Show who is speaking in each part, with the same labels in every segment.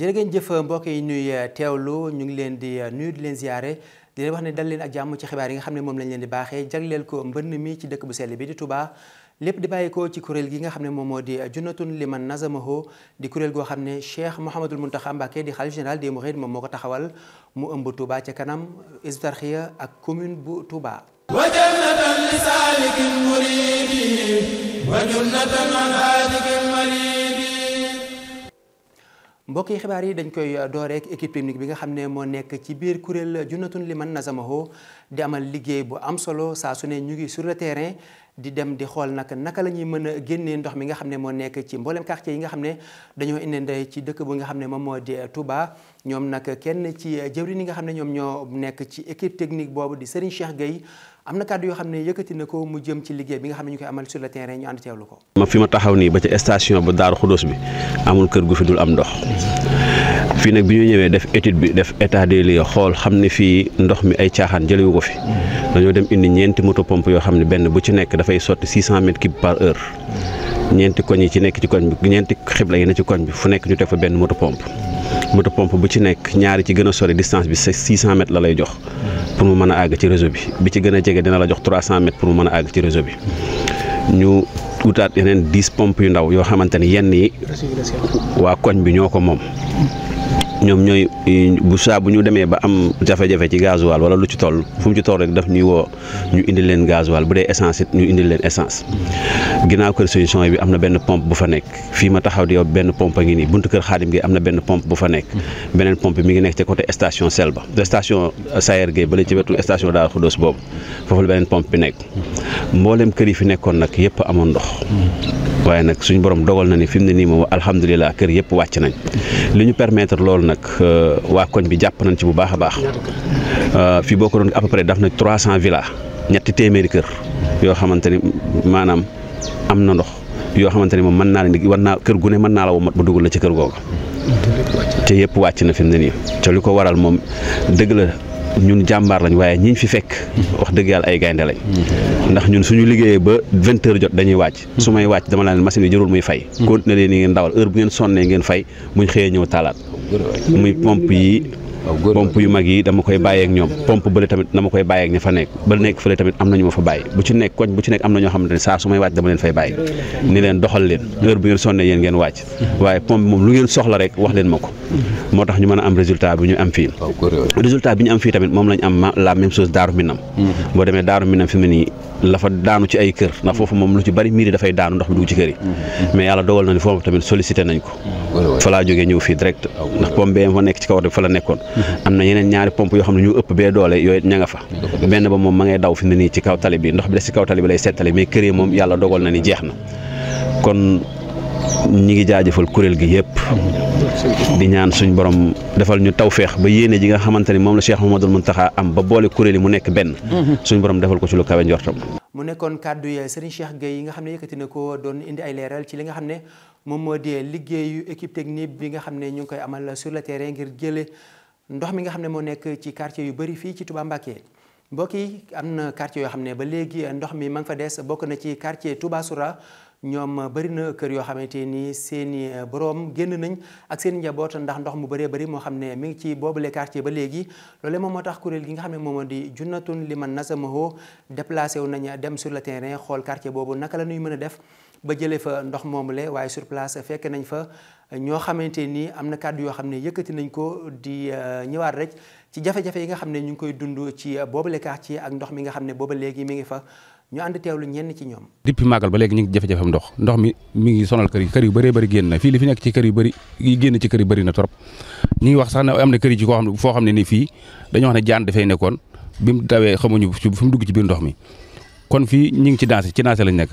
Speaker 1: jërë ngeen jëf mbokk yi ñuy teewlu ñu ngi leen di nuyu di leen ziare di wax ne dal leen ak jàmm ci xibaar yi nga xam ne moom lañ leen di baaxee jagleel ko mbënn mi ci dëkk bu sell bi di Touba lépp di bàyyi ko ci kuréel gi nga xam ne moom moo di junnatun liman nazamaho di kuréel goo xam ne Cheikh Mouhamadul Mountakha Mbacké di xalif général des mourides moom moo ko taxawal mu ëmb Touba ca kanam Hizbut ak commune bu Touba
Speaker 2: لسالك المريد وجنة عن هالك
Speaker 1: yi xibaar yi dañ koy door rek équipe technique bi nga xam ne moo nekk ci biir kuréel Junatun Liman Nazamaho di amal liggéey bu am solo saa su ne ñu ngi sur le terrain di dem di xool nag naka la ñuy mën a génnee ndox mi nga xam ne moo nekk ci mboolem quartier yi nga xam ne dañoo inondé ci dëkk bu nga xam ne moom moo di euh, Touba ñoom nag kenn ci euh, jëwriñ yi nga xam ne ñoom ñoo nekk ci équipe technique boobu di Serigne Cheikh Gueye am na kàddu yoo xam ne yëkkati na ko mu jëm ci liggéey bi nga xam ne ñu koy amal sur le terrain ñu ànd teewlu ko.
Speaker 3: ma fi ma taxaw nii ba ci station bu Daaru Xudóos bi amul kër gu fi dul am ndox. fii nag bi ñu ñëwee def étude bi def état des lieux xool xam ne fii ndox mi ay caaxaan jëlewu ko fi dañoo dem indi ñeenti moto pompe yoo xam ne benn bu ci nekk dafay sotti 600 mètres cubes par heure ñeenti koñ yi ci nekk ci koñ bi ñeenti xibla yi ne ci koñ bi fu nekk ñu teg fa benn moto pompe moto pompe bu ci nekk ñaari ci gën a sori distance bi 600 mètres la lay jox pour mu mën a àgg ci réseau bi bi ci gën a jege dina la jox 300 mètres pour mu mën a àgg ci réseau bi ñu utaat yeneen 10 pompes yu ndaw yoo xamante ni yenn yi waa koñ bi ñoo ko moom ñoom ñooy eh, bu saa bu ñu demee ba am jafe-jafe ci gasoil wala lu ci toll fu mu ci toll rek daf ñuy woo ñu indil leen gasoil bu dee essence it ñu indil leen essence ginnaaw kër solution bi am na benn pompe bu fa nekk fii ma taxaw di yow benn pompe ngi nii buntu kër xaadim gi am benn pompe bu fa nekk beneen pompe mi ngi nekk ci côté station sel ba station Sayer Gueye bale ci wetu station Daaru Xudoos boobu foofu la beneen pompe bi nekk mboolem kër yi fi nekkoon nag yëpp amoon ndox waaye nag suñu borom dogal na ni fi mu ne nii moom alhamdulilah kër yëpp wàcc nañ li ñu nag euh, waa koñ bi jàpp nañ ci bu baax a baax euh, fii boo ko doon à peu près daf na trois cent villas ñetti téeméeri kër yoo xamante ni maanaam am na ndox yoo xamante ni moom mën naa la ni war naa kër gu ne mën naa la womat ba dugg la ci kër googu te yëpp wàcc na fi mu ne nii te lu ko waral moom dëgg la ñun jàmbaar lañ waaye ñiñ fi fekk wax dëgg yàlla ay gaynde lañ ndax ñun ñu liggéeyee ba vingt jot dañuy wàcc su may wàcc dama laa leen machine bi jërul muy fay hmm. continuer leen ni ngeen dawal heure bu ngeen sonnee ngeen fay muñ xëyee ñëw taalaat muy pompe yi pompe yu mag yi dama koy bàyyeek ñoom pompe bële tamit dama koy bàyyeek ña fa nekk ba nekk fële tamit am na ñu ma fa bàyyi bu ci nekk koñ bu ci nekk am na ñoo xamante ne saa su may wàcc dama leen fay bàyyi ni leen doxal leen heure bu ngeen sonnee yéen ngeen wàcc waaye pompe moom lu ngeen soxla rek wax leen ma ko moo tax ñu mën a am résultat bu ñu am fii résultat bi ñu am fii tamit moom lañ am la même chose daaru minam hmm. boo demee daaru minam fi mu nii la fa daanu ci ay kër ndax mm-hmm. foofu moom lu ci bari miir yi dafay daanu ndox mi dugg ci kër yi mm-hmm. mais yàlla dogal na ni foofu tamit sollicité nañ ko mm-hmm. fa laa jógee ñëw fii direct ah, ndax pompe bee fa nekk ci kaw de fa la nekkoon am na yeneen ñaari pompe yoo xam ne ñu ëpp bee doole yooyu ña nga fa benn ba moom ma ngay daw fi ne nii ci kaw tali bi ndox bi des ci kaw tali bi lay settali mais kër moom yàlla dogal na ni jeex na ñi ngi jaajëfal kuréel gi yëpp di ñaan suñ borom defal ñu tawféex ba yéene ji nga xamante ni moom la Cheikh mun taxa am ba boole kuréel yi mu nekk benn suñ borom defal ko ci lu kawe njortam
Speaker 1: mu nekkoon kàddu yi Serigne Cheikh Gueye yi nga xam ne yëkkati na ko doon indi ay leeral ci li nga xam ne moom moo di liggéeyu équipe technique bi nga xam ne ñu ngi koy amal sur le terrain ngir jële ndox mi nga xam ne moo nekk ci quartier yu bëri fii ci Touba Mbacké mbokk yi am na quartier yoo xam ne ba léegi ndox mi ma nga fa des bokk na ci quartier Touba ñoom euh, bëri na kër yoo xamante nii seeni euh, borom génn nañ ak seen njaboot ndax ndox mu bëree bari moo xam ne mi ngi ci boobule quartier ba léegi loole moom moo tax kuréel gi nga xam ne moom di junnatun liman nasamaho déplacé wu nañ dem sur le terrain xool quartier boobu naka la ñuy mën a def ba jëlee fa ndox moomule waaye sur place fekk nañ fa ñoo xamante nii am na kàddu yoo xam ne yëkkati nañ ko di euh, ñëwaat rek ci jafe-jafe yi nga xam ne ñu ngi koy dund ci boobule quartier ak ndox mi nga xam ne booba léegi mi ngi fa ñu ànd teewlu ñenn ci ñoom.
Speaker 3: depuis màggal ba léegi ñu ngi jafe-jafem ndox ndox mi mi ngi sonal kër yi kër yu baree bëri génn na fii li fi nekk ci kër yu bëri yi génn ci bëri na trop ñu wax sax ne am na kër koo xam ne foo xam ne ni fii dañoo wax ne jaan dafay nekkoon bi mu dawee xamuñu fi mu dugg ci biir ndox mi kon fii ñu ngi ci dansé ci dansé lañ nekk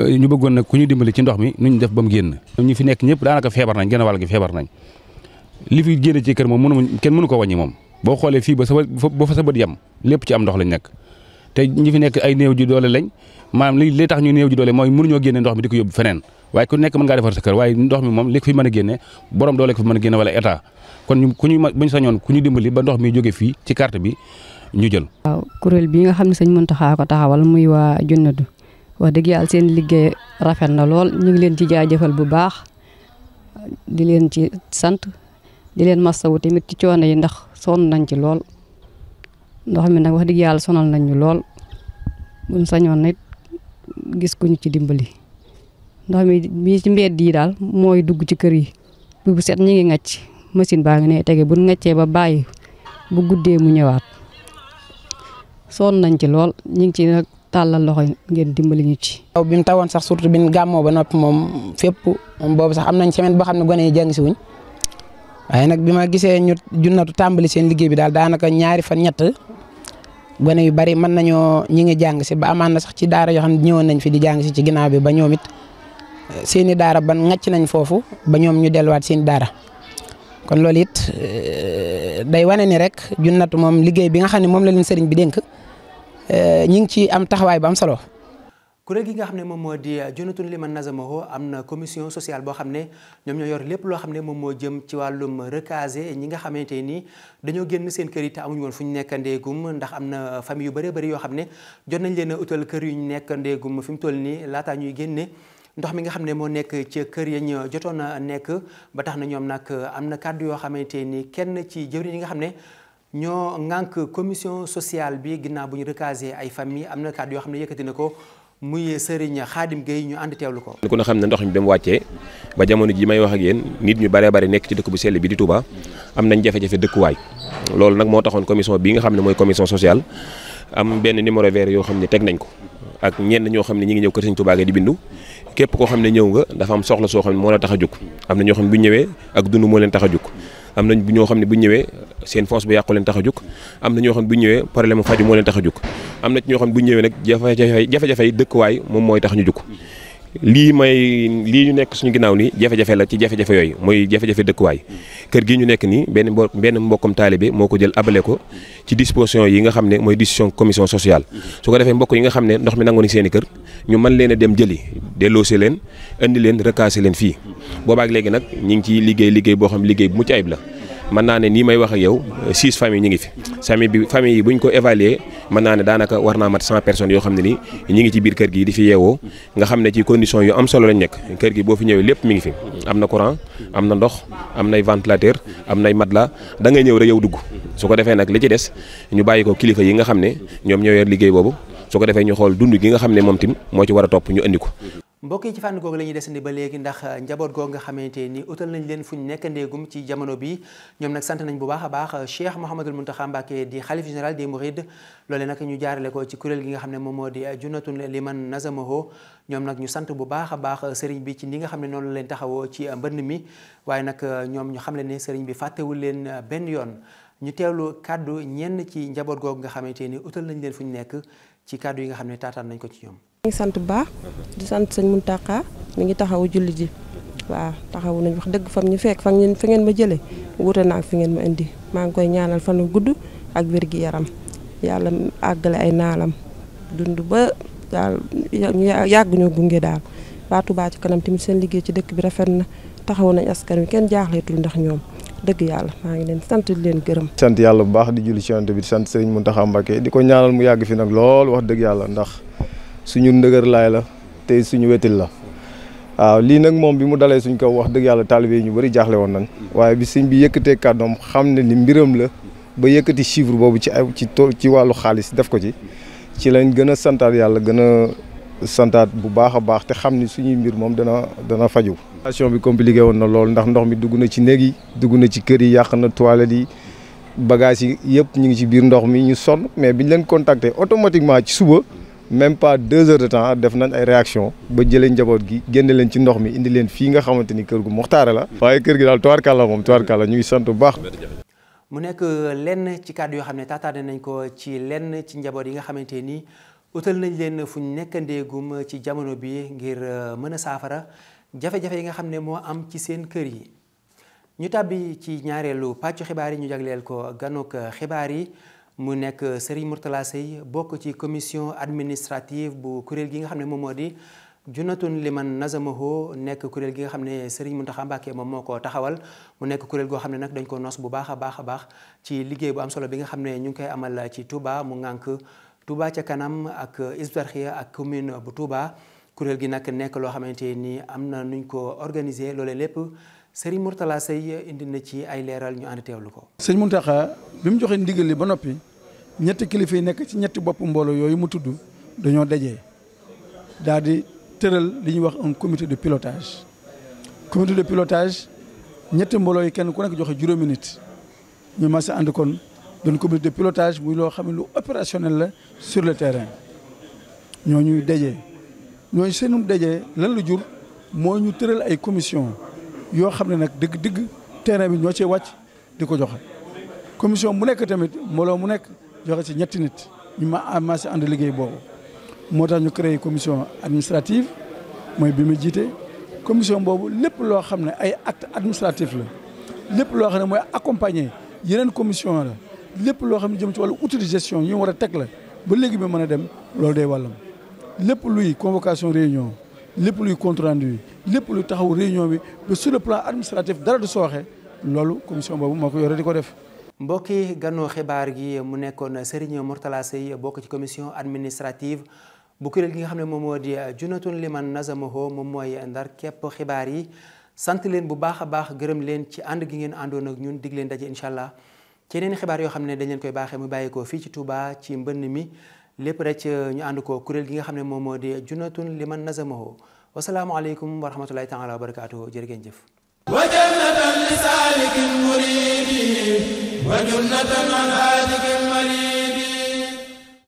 Speaker 3: euh, ñu bëggoon nag ku ñu dimbali ci ndox mi nuñ def ba mu génn ñu fi nekk ñëpp daanaka feebar nañ gën a wàll gi feebar nañ li fi génn ci kër moom mënu kenn mënu ko wàññi moom boo xoolee fii ba sa ba fa sa bët lépp ci am ndox lañ nekk te ñi fi nekk ay néew ji doole lañ maam li li tax ñu néew ji doole mooy mënuñoo génne ndox mi di ko yóbbu feneen waaye ku nekk mën ngaa defar sa kër waaye ndox mi moom li fi mën a génne borom doole ko fi mën a génne wala état kon ñu ku ñu buñ sañoon ku ñu dimbali ba ndox mi jóge fii ci carte bi ñu jël. waaw kuréel bii nga xam ne sëñ Mountakha ko taxawal muy waa Junnadu wax dëgg yàlla seen liggéey rafet na lool ñu ngi leen ci jaajëfal bu baax di leen ci sant di leen masawu tamit ci coono yi ndax sonn nañ ci lool ndox mi nag wax dëgg yàlla sonal nañ ñu lool buñ sañoon nit gis ku ñu ci dimbali ndox mi bii ci mbedd yi daal mooy dugg ci kër yi bu set ñu ngi ngacc machine baa ngi ne tege buñ ngaccee ba bàyyi bu guddee mu ñëwaat sonn nañ ci lool ñu ngi ci nag tàllal loxo
Speaker 1: ngeen dimbali ñu ci. taw bi mu tawoon sax surtout bi ñu gàmmoo ba nopp moom fépp moom boobu sax am nañ semaine boo xam ne gone yi siwuñ waaye nag bi ma gisee ñu junnatu tàmbali seen liggéey bi daal daanaka ñaari fan ñett gone yu bari mën nañoo ñi ngi jàng si ba amaan na sax ci daara yoo xam ne ñëwoon nañ fi di jàng si ci ginnaaw bi ba ñoom it eh, seeni daara ban ngàcc nañ foofu ba ñoom ñu delluwaat seen daara kon loolu it eh, day wane ni rek junnatu moom liggéey bi nga xam ne moom la leen bi dénk eh, ñi ngi ci am taxawaay bu am solo. kuréel gi nga xam ne moom moo di eh, Jonathan Liman Nazamaho am na commission sociale boo xam ne ñoom ñoo yor lépp loo xam ne moom moo jëm ci wàllum recaser ñi nga xamante ni dañoo génn seen kër yi woon fu ñu nekk ndax am na famille yu bëree bëri yoo xam ne jot nañ leen utal kër yu ñu nekk fi mu toll nii laataa ñuy génne ndox mi nga xam ne moo nekk ci kër ya ñu jotoon a nekk ba tax na ñoom nag am na kàddu yoo xamante ni kenn ci jëwriñ yi nga xam ne ñoo ŋànk commission sociale bi ginnaaw bu ñu recasé ay famille am na kàddu yoo xam ne yëkkati na ko muy Serigne Khadim Gueye ñu ànd teewlu ko.
Speaker 4: ku ne xam ne ndox mi ba mu wàccee ba jamono ji may wax ak yéen nit ñu bare bari nekk ci dëkk bu sell bi di Touba am nañ jafe-jafe dëkkuwaay loolu nag moo taxoon commission bi nga xam ne mooy commission sociale am benn numéro yoo xam ne teg nañ ko. ak ñenn ñoo xam ne ñi ngi ñëw kër Sëñ Tuubaa di bindu képp koo xam ne ñëw nga dafa am soxla soo xam moo la a jóg am na ñoo xam ne bu ñëwee ak dund moo leen tax a jóg am na ñoo xam ne bu ñëwee seen force bu yàqu leen tax a jóg am na ñoo xam ne bu ñëwee problème mu moo leen tax a am na ci ñoo xam ne bu ñëwee nag jafe-jafe jafe-jafe yi dëkkuwaay moom mooy tax ñu jukk lii may lii ñu nekk suñu ginnaaw nii jafe-jafe la ci jafe-jafe yooyu mooy jafe-jafe dëkkuwaay kër gi ñu nekk nii benn mbo benn mbokkum taalibe moo ko jël abale ko ci disposition yi nga xam ne mooy décision commission sociale su ko defee mbokk yi nga xam ne ndox mi nangu ni seeni kër ñu mën leen a dem jëli delloose leen indi leen recasé leen fii boobaak léegi nag ñi ngi ci liggéey liggéey boo xam liggéey bu mucc la mën naa ne nii may wax yow euh, six familles ñu ngi fi famille bi famille yi buñ ko évaluer mën naa ne daanaka war naa mat cent personnes yoo xam ne nii ñu ngi ci biir kër gi di fi yeewoo nga xam ne ci condition yu am solo lañ nekk kër gi boo fi ñëwee lépp mi ngi fi am na courant am na ndox am nay ventilateur am nay matelas da ngay ñëw rek yow dugg su ko defee nag li ci des ñu bàyyi ko kilifa yi nga xam ne ñoom ñëwee liggéey boobu su ko defee ñu xool dund gi nga xam ne moom moo ci war a topp ñu indi ko
Speaker 1: mbokk yi ci fànn googu la ñuy desandi ba léegi ndax euh, njaboot googu nga xamante ni utal nañ leen fu nekk ndéegum ci jamono bi ñoom nag sant nañ bu baax a baax euh, Cheikh Mouhamadul Mountakha Mbacké di xalif général des Mourides loole nag ñu jaarale ko ci kuréel gi nga xam ne moom moo di euh, Junatun Liman Nazamaho ñoom nag ñu sant bu baax a baax sëriñ bi ci ni nga xam ne noonu leen taxawoo ci mbënn mi waaye nag ñoom ñu xam le ne sëriñ bi fàttewul leen benn yoon ñu teewlu kàddu ñenn ci njaboot googu nga xamante ni utal nañ leen fuñ nekk ci kàddu yi nga xam ne taataan nañ ko ci ñoom
Speaker 3: ngi sant bu baax di sant sëñ Mountakha mu ngi taxawu julli ji waa taxawu nañ wax dëgg fam ñu fekk fa ngeen fa ngeen ma jëlee wuute ak fi ngeen ma indi maa ngi koy ñaanal fan gudd ak wér yaram yàlla àggale ay naalam dund ba daal yàgg ñoo gunge daal waa Touba ci kanam ti tamit seen liggéey ci dëkk bi rafet na taxawu nañ askan wi kenn jaaxleetul ndax ñoom dëgg yàlla maa ngi leen sant leen gërëm.
Speaker 2: sant yàlla bu baax di julli ci Yonent bi di sant Serigne Mountakha Mbacké di ko ñaanal mu yàgg fi nag lool wax dëgg yàlla ndax. suñu ndëgër laay la te suñu wetil la waaw lii nag moom bi mu dalee suñ ko wax dëgg yàlla taalibe ñu bari jaaxle woon nañ waaye bi sëñ bi yëkkatee kàddoom xam ne ni mbiram la ba yëkkati chiffre boobu ci ay ci tool ci wàllu xaalis def ko ci ci lañ gën a santaat yàlla gën a santaat bu baax a baax te xam ni suñuy mbir moom dana dana faju situation bi compliqué woon na lool ndax ndox mi dugg na ci néeg yi dugg na ci kër yi yàq na toilette yi bagage yi yëpp ñu ngi ci biir ndox mi ñu sonn mais biñ leen contacter automatiquement ci suba même pas deux heures de temps def nañ ay réaction ba jëlee njaboot gi génne leen ci ndox mi indi leen fii nga xamante ni kër gu moxtaare la waaye kër gi daal tubaarkàlla moom tubaarkàlla ñu ngi sant bu baax
Speaker 1: mu nekk lenn ci kàddu yoo xam ne taataane nañ ko ci lenn ci njaboot yi nga xamante nii utal nañ leen fu ñu nekkandeegum ci jamono bi ngir euh, mën a saafara jafe-jafe yi nga xam ne moo am ci seen kër yi ñu tàbbi ci ñaareelu pàccu xibaar yi ñu jagleel ko ganuk xibaar yi mu nekk Serigne Mourtala Sey bokk ci commission administrative bu kuréel gi nga xam ne moom moo di junatun liman nazamaho nekk kuréel gi nga xam ne Serigne Mountakha Mbacké moom moo ko taxawal mu nekk kuréel goo xam ne nag dañ ko nos bu baax a baax a baax ci liggéey bu am solo bi nga xam ne ñu ngi koy amal ci Touba mu ngànk Touba ca kanam ak Hizbut-Tarqiyyah ak commune bu Touba kuréel gi nag nekk loo xamante ni am na nuñ ko organiser loole lépp Serigne Mourtala Sey indi na ci ay leeral ñu ko.
Speaker 2: ñetti kilifa yi nekk ci ñetti bopp mbooloo yooyu mu tudd dañoo daje daal di tëral li ñuy wax un comité de pilotage. comité de pilotage ñetti mbooloo yi kenn ku nekk joxe juróomi nit ñu mas a ànd kon doon comité de pilotage muy loo xam ne lu opérationnel la sur le terrain ñooñuy daje ñooñu seenum daje lan la jur moo ñu tëral ay commission yoo xam ne nag dëgg-dëgg terrain bi ñoo cee wàcc di ko joxe commission bu nekk tamit mbooloo mu nekk. joxe ci ñetti nit ñu ma ah, ma si ànd liggéey boobu moo tax ñu créé commission administrative mooy bi ma jiite commission boobu lépp loo xam ne ay acte administratif la lépp loo xam ne mooy accompagner yeneen commission la lépp loo xam ne jëm ci wàllu outil de war a teg la ba léegi bi mën a dem loolu day wàllam lépp luy convocation réunion lépp luy compte rendu lépp luy taxaw réunion bi ba sur le
Speaker 1: plan administratif dara du sooxe loolu commission boobu moo ko yore di ko def mbokki gannoo xibaar gi mu nekkoon Serigne Mourtala Seye bokk ci commission administrative bu kuréel gi nga xam ne moom moo di junatu liman nazamaho moom mooy ndar képp xibaar yi sant leen bu baax a baax gërëm leen ci ànd gi ngeen àndoon ak ñun dig leen daje allah ci xibaar yoo xam ne dañ koy baaxee mu bàyyeekoo fii ci Touba ci mbënn mi lépp rek ñu ànd ko kuréel gi nga xam ne moom moo di junatun liman nazamaho wasalaamualeykum wa rahmatullahi taala wa barakaatuhu jëf
Speaker 2: لسالك مريد
Speaker 1: وجنة من
Speaker 3: هادك مريد